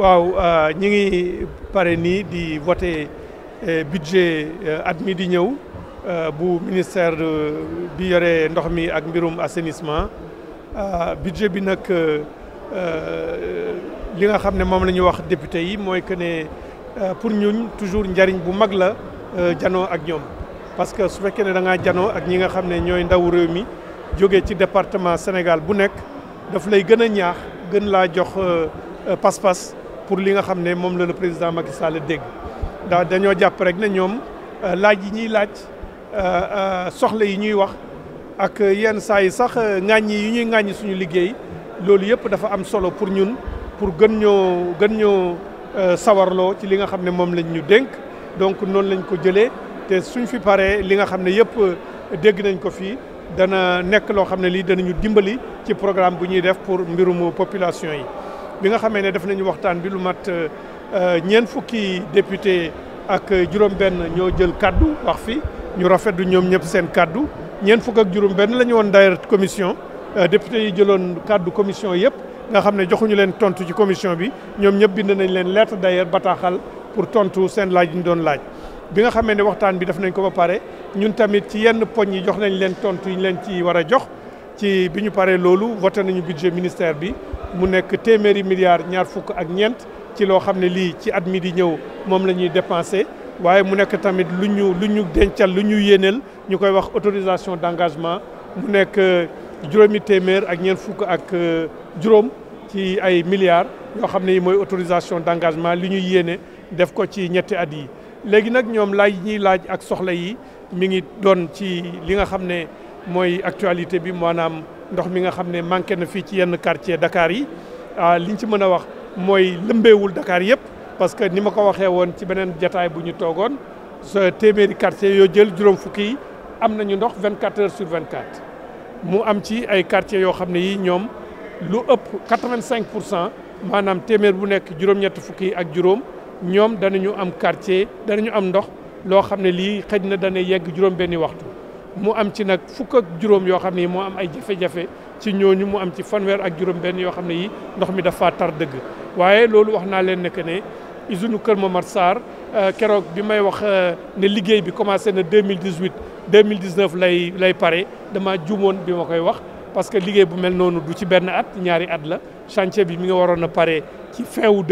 waaw euh, ñi ngi pare nii di voter euh, budget euh, at mi di ñëw bu ministère bi yore ndox mi ak mbirum assainissement budget bi nag li nga xam ne moom la ñu wax député yi mooy que ne pour ñu toujours njariñ bu mag la janoo ak ñoom parce que su fekkee ne da ngaa janoo ak ñi nga xam ne ñooy ndaw réew mi jóge ci département Sénégal bu nekk daf lay gën a ñaax gën laa jox pas-pas pour li nga xam ne moom la le président Macky Sall dégg ndax dañoo jàpp rek ne ñoom euh, laaj yi ñuy laaj euh, euh, soxla yi ñuy wax ak yenn saa yi sax ŋàññi yi ñuy ŋàññi suñu liggéey loolu yëpp dafa am solo pour ñun pour gën ñoo gën ñoo sawarloo ci li nga xam ne moom lañ ñu dénk donc noonu lañ ko jëlee te suñ fi paree li nga xam ne yëpp dégg nañ ko fii dana nekk loo xam ne lii danañu dimbali ci programme bu ñuy def pour mbirum population yi bi nga xamee ne def nañu waxtaan bi lu mat euh, euh, ñeen fukki député ak juróom-benn ñoo jël kaddu wax fi ñu rafetlu ñoom ñëpp seen kaddu ñeen fukk ak juróom-benn la ñu woon d'ailleurs commission euh, député yi jëloon kaddu commission yëpp nga xam ne joxuñu leen tontu ci commission bi ñoom ñëpp bind nañ leen lettre d'ailleurs bataaxal pour tontu seen laaj yi ñu doon laaj. bi nga xamee ne waxtaan bi def nañ ko ba pare ñun tamit ci yenn poñ yi jox nañ leen tontu yi leen ci war a jox ci bi ñu paree loolu voté nañu budget ministère bi. mu nekk téeméeri milliards ñaar fukk ak ñeent ci loo xam ne lii ci at mi di ñëw moom la ñuy dépensé waaye mu nekk tamit lu ñu lu ñu dencal lu ñu yéeneel ñu koy wax autorisation d' engagement mu nekk euh, juróomi téeméer ak ñeent fukk ak euh, juróom ci ay milliards yoo xam ne yi mooy autorisation d' engagement li ñuy yéene def ko ci ñetti at yi léegi nag ñoom laaj ñuy laaj ak soxla yi mi ngi doon ci li nga xam ne mooy actualité bi maanaam ndox mi nga xam ne manqué na fii ci yenn quartier dakaar yi ah, liñ ci mën a wax mooy lëmbeewul dakaar yëpp parce que ni ma ko waxee woon ci beneen jataay bu ñu toogoon sa téeméeri quartier yoo jël juróom fukki am nañu ndox 24 heures sur 24 mu am ci ay quartiers yoo xam ne yii ñoom lu ëpp 85 pour cent maanaam téeméer bu nekk juróom-ñett fukki ak juróom ñoom danañu am quartier danañu am ndox loo xam ne lii xëj na dana yegg juróom benni waxtu mu am ci nag fukk juróom yoo xam ne yi moo am ay jafe-jafe ci ñooñu mu am ci fanweer ak juróom benn yoo xam ne yi ndox mi dafa tar dëgg waaye loolu wax naa leen ne que ne usine Kër Momar Sarr euh, keroog bi may wax euh, ne liggéey bi commencé na 2018 2019 lay lay pare dama juumoon bi ma koy wax parce que liggéey bu mel noonu du ci benn at ñaari at la chantier bi mi nga waroon na pare ci fin wu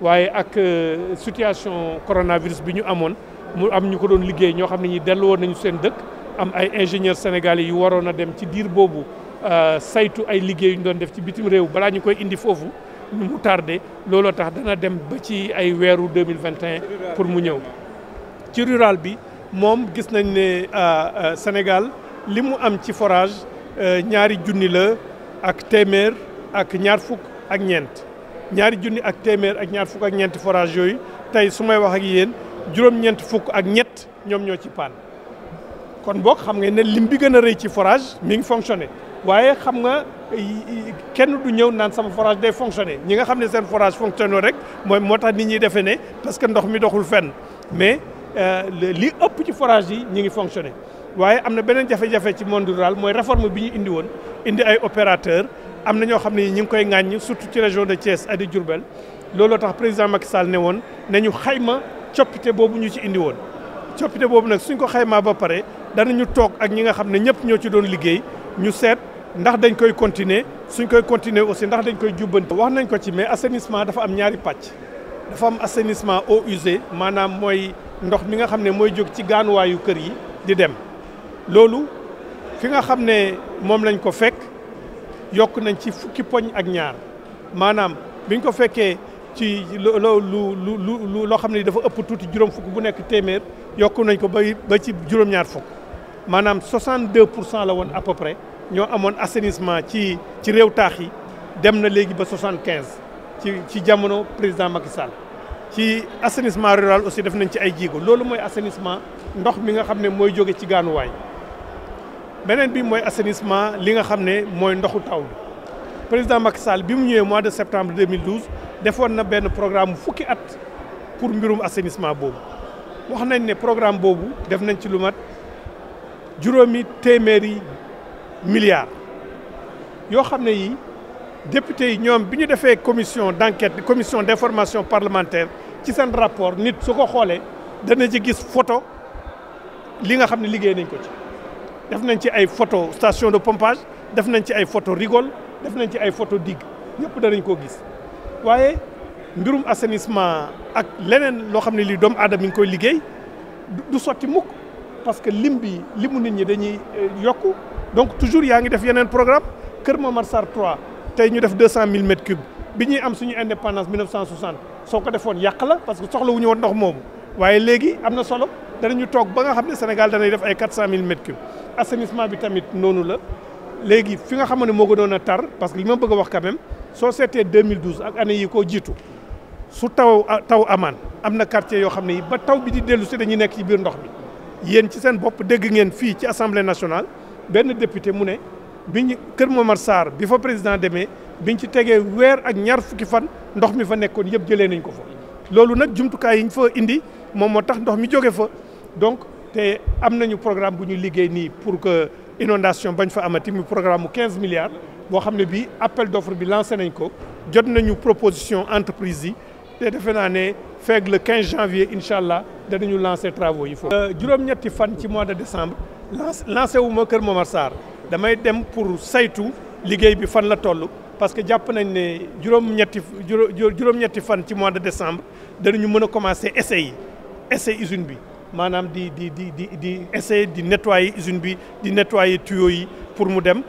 waaye ak euh, situation coronavirus bi ñu amoon mu am ñu ko doon liggéey ñoo xam ne ñi dellu nañu seen dëkk am ay ingénieur sénégalais yu waroon a dem ci diir boobu euh, saytu ay liggéey yu doon def ci bitim réew balaa ñu koy indi foofu ñu mu tardé looloo tax dana dem ba ci ay weeru 2021 pour mu ñëw ci rural bi moom gis nañ ne euh, euh, Sénégal li mu am ci forage ñaari junni la ak téeméer ak ñaar fukk ak ñeent ñaari junni ak téeméer ak ñaar fukk ak ñeent forage yooyu tey su may wax ak yéen juróom-ñeent fukk ak ñett ñoom ñoo ci paan kon boo xam nga ne lim bi gën a rëy ci forage mi ngi fonctionné waaye xam nga kenn du ñëw naan sama forage day fonctionné ñi nga xam ne seen forage fonctionné rek mooy moo tax nit ñi defee ne parce que ndox mi doxul fen mais euh, lii ëpp ci forage yi ñi ngi fonctionné waaye am na beneen jafe-jafe ci monde rural mooy réforme bi ñu indi woon indi ay opérateur am na ñoo xam ne ñi ngi koy ŋàññ surtout ci région de Thiès ak de Diourbel looloo tax président Macky Sall woon nañu xayma coppite boobu ñu ci indi woon coppite boobu nag suñ ko xaymaa ba pare ñu toog ak ñi nga xam ne ñëpp ñoo ci doon liggéey ñu seet ndax dañ koy continuer suñ koy continuer aussi ndax dañ koy jubbanti. wax nañ ko ci mais assainissement dafa am ñaari pàcc dafa am assainissement eaux usées maanaam mooy ndox mi nga xam ne mooy jóg ci gaanuwaayu kër yi di dem loolu fi nga xam ne moom lañ ko fekk yokk nañ ci fukki poñ ak ñaar maanaam biñ ko fekkee ci lu lu lu loo xam ne dafa ëpp tuuti juróom fukk bu nekk téeméer yokk nañ ko ba ba ci juróom-ñaar fukk. maanaam 62 pour cent la woon à peu ñoo amoon assainissement ci ci réew taax yi dem na léegi ba 75 ci ci jamono président Macky Sall ci assainissement rural aussi def nañ ci ay jéego loolu mooy assainissement ndox mi nga xam ne mooy jóge ci gaanuwaay beneen bi mooy assainissement li nga xam ne mooy ndoxu taw bi président Macky Sall bi mu ñëwee mois de septembre 2012 defoon na benn programme fukki at pour mbirum assainissement boobu wax nañ ne programme boobu def nañ ci lu juróomi téeméeri milliards yoo xam ne yi député yi ñoom bi ñu defee commission d'enquête commission d'information parlementaire ci seen rapport nit soo ko xoolee dana ci gis photo li nga xam ne liggéey nañ ko ci def nañ ci ay photo station de pompage def nañ ci ay photo rigole def nañ ci ay photo digue ñëpp danañ koo gis waaye mbirum assainissement ak leneen loo xam ne lii doomu aadama mi ngi koy liggéey du sotti mukk parce que lim bi limu nit ñi dañuy euh, yokk donc toujours yaa ngi def yeneen programme Kër Momar Sarr 3 tey ñu def 200000 mètres cubes bi ñuy am suñu indépendance 1960 soo ko defoon yàq la parce que soxla wu ñu woon ndox moomu waaye léegi am na solo danañu toog ba nga xam ne Sénégal danay def ay 400000 mètres cubes assainissement bi tamit noonu la léegi fi nga xam ne moo gënoon a tar parce que li ma bëgg a wax quand même soo seetee 2012 ak année yi koo jiitu su taw taw amaan am na quartier yoo xam ne yi ba taw bi di dellu si dañuy nekk ci biir ndox bi yéen ci seen bopp dégg ngeen fii ci assemblée nationale benn député mu ne bi biñ Kër Momar Sarr bi fa président demee biñ ci tegee weer ak ñaar fukki fan ndox mi fa nekkoon yëpp jëlee nañ ko fa. loolu nag jumtukaay yi ñu fa indi moom moo tax ndox mi jóge fa donc te am nañu programme bu ñu liggéey nii pour que inondation bañ fa amati mu programme mu 15 milliards boo xam ne bii appel d'offre bi lancé nañ ko jot nañu proposition entreprise yi te defe naa ne. feeg le 15 janvier incha allah danañu lancer travaux yi foofu. Euh, juróom-ñetti fan ci mois de décembre lance lancé wu ma Kër Momar Sarr damay dem pour saytu liggéey bi fan la toll parce que jàpp nañ ne juróom-ñetti juróom-ñetti fan ci mois de décembre danañu mën a commencer essayer essai usine bi maanaam di di di di di essayer di nettoyer usine bi di nettoyer tuyaux pour mu dem.